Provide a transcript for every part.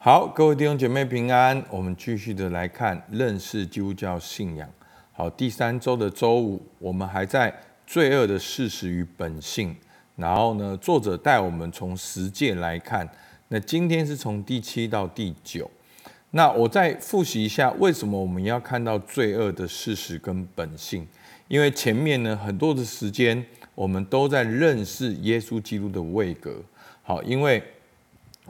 好，各位弟兄姐妹平安。我們繼續的來看認識基督教信仰。好，第三周的周五，我們還在罪惡的事實與本性。然後呢，作者帶我們從十誡來看。那今天是從第七到第九。那我再複習一下，為什麼我們要看到罪惡的事實跟本性？因為前面呢，很多的時間我們都在認識耶穌基督的位格。好，因為。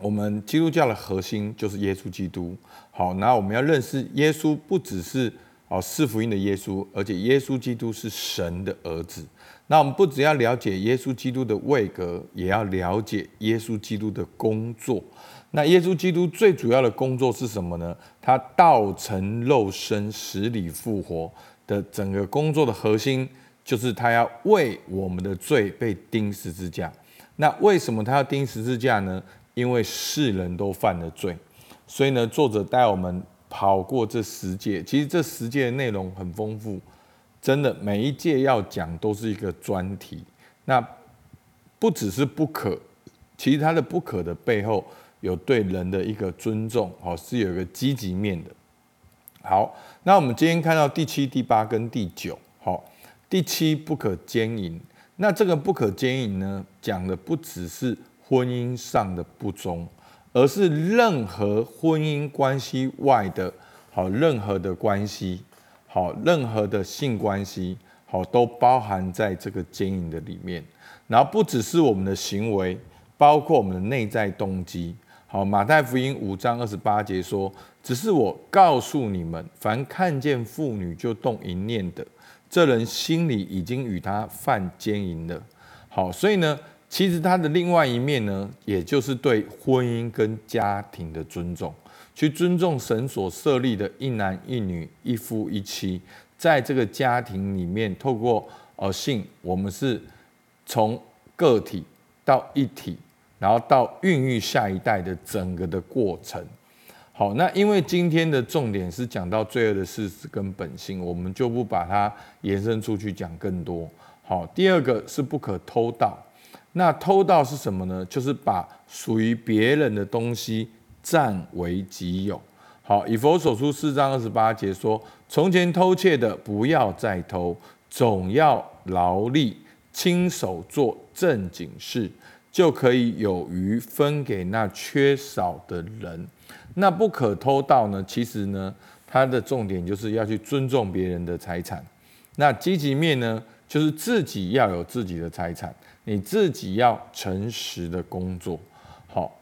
我們基督教的核心就是耶穌基督。好，那我們要認識耶穌，不只是哦，四福音的耶穌，而且耶穌基督是神的兒子。那我們不只要了解耶穌基督的位格，也要了解耶穌基督的工作。那耶穌基督最主要的工作是什麼呢？他道成肉身，死裡復活的整個工作的核心，就是他要為我們的罪被釘十字架。那為什麼他要釘十字架呢？因為世人都犯了罪，所以呢，作者帶我們跑過這十誡。其實這十誡的內容很豐富，真的每一誡要講都是一個專題。那不只是不可，其實它的不可的背後有對人的一個尊重，是有一個積極面的。好，那我們今天看到第七、第八跟第九。好，第七，不可姦淫。那這個不可姦淫呢，講的不只是。婚姻上的不忠，而是任何婚姻關係外的好，任何的關係，好，任何的性關係，好，都包含在這個姦淫的裡面。然後不只是我們的行為，包括我們的內在動機。好，馬太福音五章二十八節說：“只是我告訴你們，凡看見婦女就動淫念的，這人心裡已經與他犯奸淫了。”好，所以呢。其實它的另外一面呢，也就是對婚姻跟家庭的尊重，去尊重神所設立的一男一女、一夫一妻，在這個家庭裡面，透過呃性，我們是從個體到一體，然後到孕育下一代的整個的過程。好，那因為今天的重點是講到罪惡的事實跟本性，我們就不把它延伸出去講更多。好，第二個是不可偷盜。那偷盜是什麼呢？就是把屬於別人的東西占為己有。好，以弗所書四章二十八節說：“從前偷竊的，不要再偷，總要勞力，親手做正經事，就可以有餘分給那缺少的人。”那不可偷盜呢？其實呢，它的重點就是要去尊重別人的財產。那積極面呢，就是自己要有自己的財產。你自己要誠實的工作，好。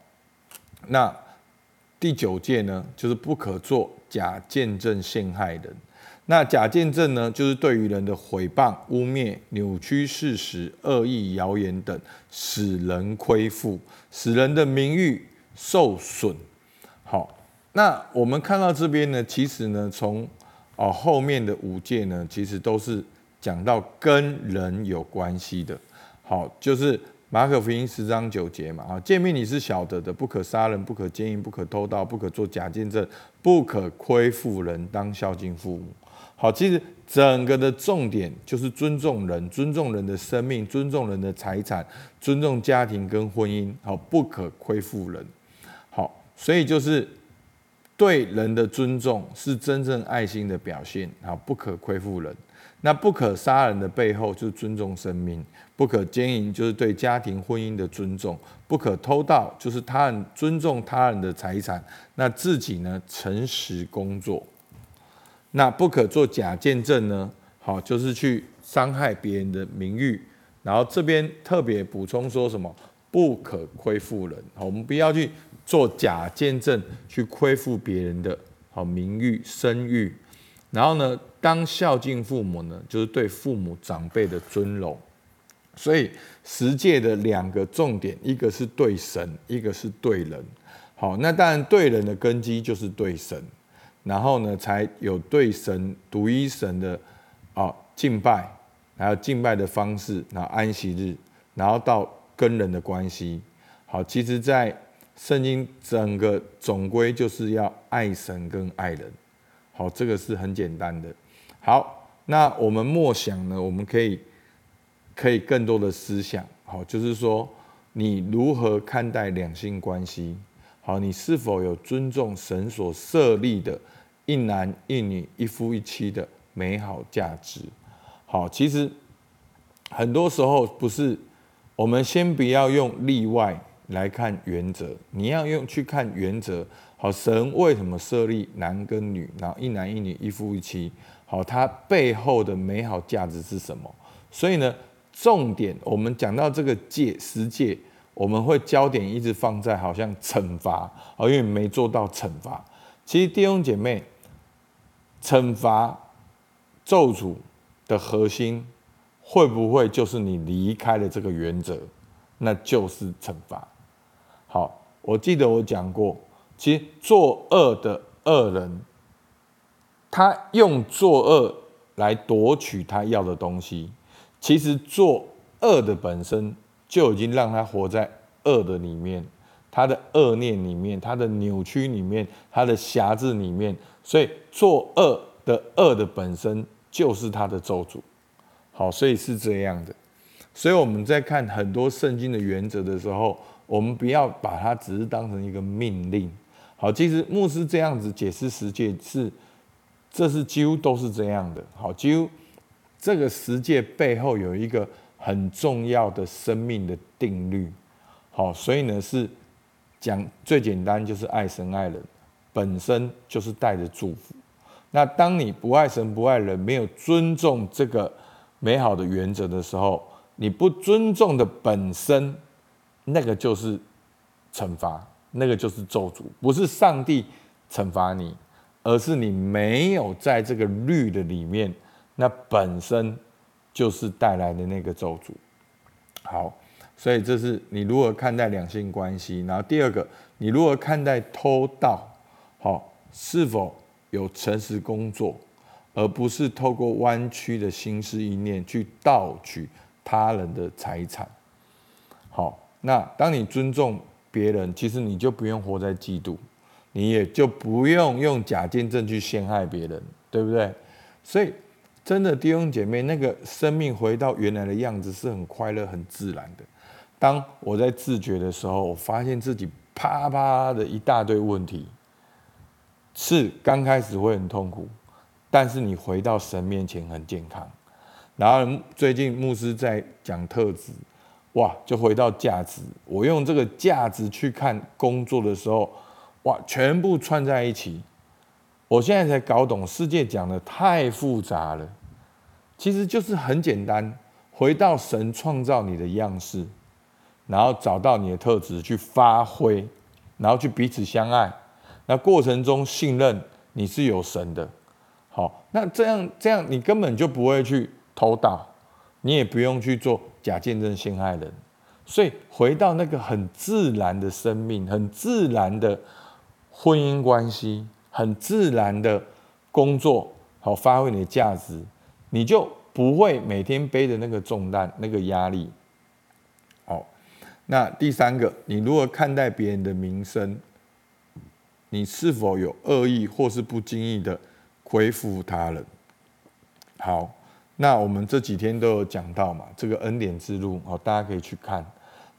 那第九誡呢，就是不可做假見證陷害人。那假見證呢，就是對於人的毀謗、污衊、扭曲事實、惡意謠言等，使人虧負，使人的名譽受損。好，那我們看到這邊呢，其實呢，從哦後面的五誡呢，其實都是講到跟人有關係的。好，就是馬可福音十章九節嘛，啊，誡命，你是曉得的，不可殺人，不可姦淫，不可偷盜，不可做假見證，不可虧負人，當孝敬父母。好，其實整個的重點就是尊重人，尊重人的生命，尊重人的財產，尊重家庭跟婚姻。好，不可虧負人。好，所以就是對人的尊重是真正愛心的表現。好，不可虧負人。那不可殺人的背後就是尊重生命；不可姦淫就是對家庭婚姻的尊重；不可偷盜就是他人尊重他人的財產，那自己呢，誠實工作。那不可做假見證呢？好，就是去傷害別人的名譽。然後這邊特別補充說什麼？不可虧負人，好，我們不要去做假見證，去虧負別人的好名譽聲譽。生育然後呢，當孝敬父母呢，就是對父母長輩的尊榮。所以十誡的兩個重點，一個是對神，一個是對人。好，那當然對人的根基就是對神，然後呢，才有對神獨一神的哦敬拜，還有敬拜的方式，然後安息日，然後到跟人的關係。好，其實在聖經整個總歸就是要愛神跟愛人。好，這個是很簡單的。好，那我們默想呢，我們可以可以更多的思想。好，就是說你如何看待兩性關係？好，你是否有尊重神所設立的一男一女一夫一妻的美好價值？好，其實很多時候不是，我們先不要用例外來看原則，你要用去看原則。好，神為什麼設立男跟女，然後一男一女一夫一妻？好，它背後的美好價值是什麼？所以呢，重點我們講到這個誡，十誡，我們會焦點一直放在好像懲罰，而因為你沒做到懲罰。其實弟兄姐妹，懲罰咒詛的核心會不會就是你離開了這個原則？那就是懲罰。好，我記得我講過。其實作惡的惡人，他用作惡來奪取他要的東西。其實作惡的本身就已經讓他活在惡的裡面，他的惡念裡面，他的扭曲裡面，他的轄制裡面。所以作惡的惡的本身就是他的咒詛。好，所以是這樣的。所以我們在看很多聖經的原則的時候，我們不要把它只是當成一個命令。好，其實牧師這樣子解釋十誡是，這是幾乎都是這樣的。好，幾乎這個十誡背後有一個很重要的生命的定律。好，所以呢是講最簡單就是愛神愛人，本身就是帶着祝福。那當你不愛神不愛人，沒有尊重這個美好的原則的時候，你不尊重的本身，那個就是懲罰。那個就是咒詛，不是上帝懲罰你，而是你沒有在這個律的裡面，那本身就是帶來的那個咒詛。好，所以這是你如何看待兩性關係。然後第二個，你如何看待偷盜？好，是否有誠實工作，而不是透過彎曲的心思意念去盜取他人的財產？好，那當你尊重。別人，其實你就不用活在嫉妒，你也就不用用假見證去陷害別人，對不對？所以真的弟兄姐妹，那個生命回到原來的樣子是很快樂、很自然的。當我在自覺的時候，我發現自己啪啪的一大堆問題，是剛開始會很痛苦，但是你回到神面前很健康。然後最近牧師在講特質。哇！就回到價值，我用這個價值去看工作的時候，哇，全部串在一起。我現在才搞懂，世界講得太複雜了，其實就是很簡單，回到神創造你的樣式，然後找到你的特質去發揮，然後去彼此相愛。那過程中信任你是有神的，好，那這樣這樣你根本就不會去偷盜，你也不用去做。假見證陷害人，所以回到那個很自然的生命，很自然的婚姻關係，很自然的工作，好發揮你的價值，你就不會每天背着那個重擔、那個壓力。好，那第三個，你如何看待別人的名聲？你是否有惡意，或是不經意的虧負他人？好。那我們這幾天都有講到嘛，這個恩典之路好，大家可以去看。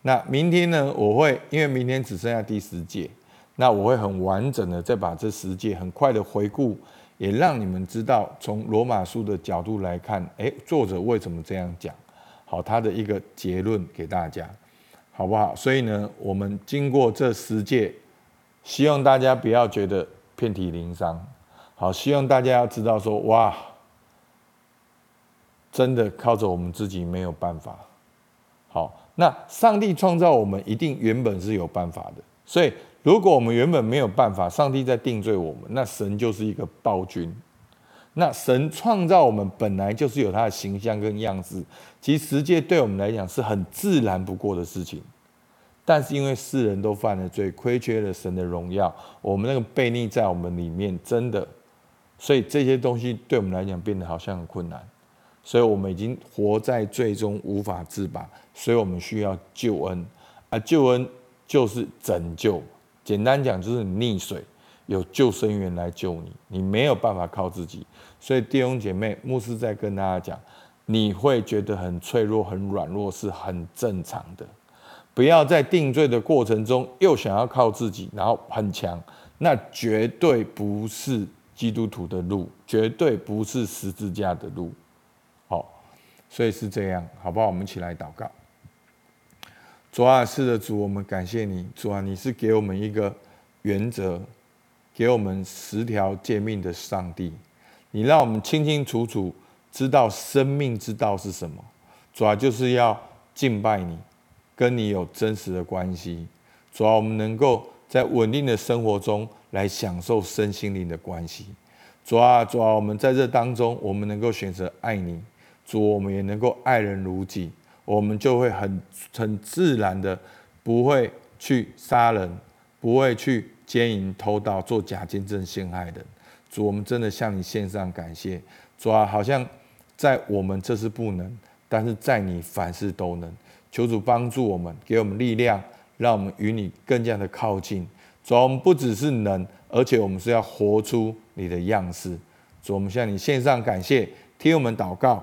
那明天呢，我會因為明天只剩下第十誡，那我會很完整的再把這十誡很快的回顧，也讓你們知道從羅馬書的角度來看，誒，作者為什麼這樣講？好，他的一個結論給大家，好不好？所以呢，我們經過這十誡，希望大家不要覺得遍體鱗傷。好，希望大家要知道說，哇。真的靠着我們自己沒有辦法。好，那上帝創造我們一定原本是有辦法的。所以，如果我們原本沒有辦法，上帝在定罪我們，那神就是一個暴君。那神創造我們本來就是有他的形象跟樣子，其實世界對我們來講是很自然不過的事情。但是因為世人都犯了罪，虧缺了神的榮耀，我們那個悖逆在我們裡面真的，所以這些東西對我們來講變得好像很困難。所以，我們已經活在罪中無法自拔。所以我們需要救恩而、啊、救恩就是拯救，簡單講就是溺水有救生員來救你，你沒有辦法靠自己。所以弟兄姐妹、牧師在跟大家講，你會覺得很脆弱、很軟弱，是很正常的。不要在定罪的過程中又想要靠自己，然後很強，那絕對不是基督徒的路，絕對不是十字架的路。所以是這樣，好不好？我們一起來禱告。主啊，是的，主，我們感謝你。主啊，你是給我們一個原則，給我們十條誡命的上帝。你讓我們清清楚楚知道生命之道是什麼。主啊，就是要敬拜你，跟你有真實的關係。主啊，我們能夠在穩定的生活中來享受身心靈的關係。主啊，主啊，我們在這當中，我們能夠選擇愛你。主，我們也能夠愛人如己，我們就會很很自然的，不會去殺人，不會去姦淫、偷盜、做假見證、陷害的人。主，我們真的向你獻上感謝。主啊，好像在我們這是不能，但是在你凡事都能。求主幫助我們，給我們力量，讓我們與你更加的靠近。主啊，我們不只是能，而且我們是要活出你的樣式。主，我們向你獻上感謝，聽我們禱告。